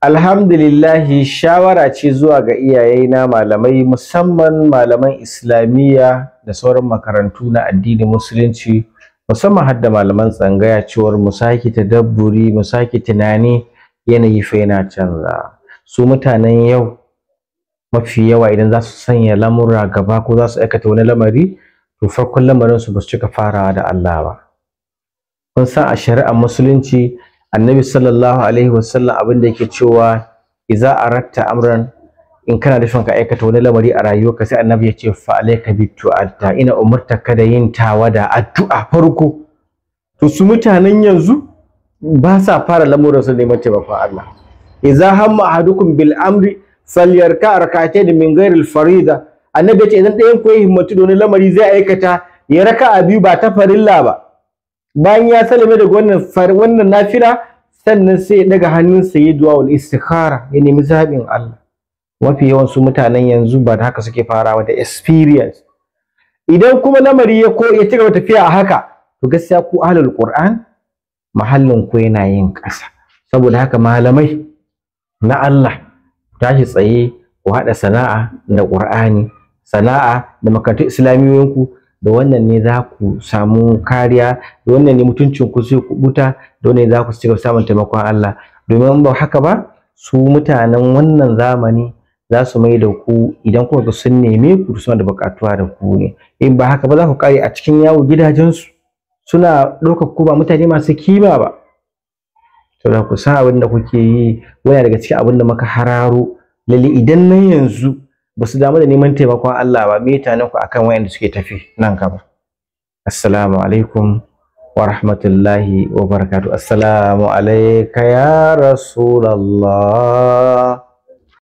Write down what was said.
alhamdulillahi shawara ce zuwa ga iyayena malamai musamman malaman islamiyya da sauran makarantu na addinin musulunci musamman hadda malaman tsangaya cewar mu ta dabburi mu sake tunani yanayi fa yana canza su mutanen yau mafi yawa idan za su sanya lamura gaba ko za su aikata wani lamari to farkon lamarin su ba su cika farawa da Allah ba kun san a shari'ar musulunci annabi sallallahu alaihi wasallam abin da yake cewa idza aratta amran in kana da son ka aikata wani lamari a rayuwarka sai annabi ya ce fa alayka bi tu'atta ina ka da yin tawada addu'a farko to su mutanen yanzu ba sa fara lamuran su neman taimakon Allah idza hamma ahadukum bil amri falyarka rak'atayn min ghairi al farida annabi ya ce idan ɗayan ku ya himmatu da wani lamari zai aikata ya raka'a biyu ba ta farilla ba bayan ya salame daga wannan wannan nafila sannan sai ya daga hannunsa ya du'a wal istikhara ya nemi zaɓin Allah mafi su mutanen yanzu ba da haka suke farawa da experience idan kuma lamari ya ko ya cigaba tafiya a haka to gaskiya ku ahlul qur'an mahallin ku yana yin ƙasa saboda haka malamai na Allah tashi tsaye ku haɗa sana'a da qur'ani sana'a da makarantun islamiyoyinku. ku da wannan ne za ku samu kariya da wannan ne mutuncin ku sai ku buta da wannan za ku cigaba samun taimakon Allah domin ba haka ba su mutanen wannan zamani za su mai da ku idan kuka ga sun neme ku suna da bukatuwa da ku ne in ba haka ba za ku kare a cikin yawo gidajensu suna ɗaukar ku ba mutane masu kima ba To za ku sa abin da kuke yi wani daga cikin abin da muka hararo lalle idan nan yanzu ba su damu da neman taimakon Allah ba me tanan ku akan wayanda suke tafi nan gaba assalamu alaikum wa rahmatullahi wa barakatuh assalamu alayka ya rasulullah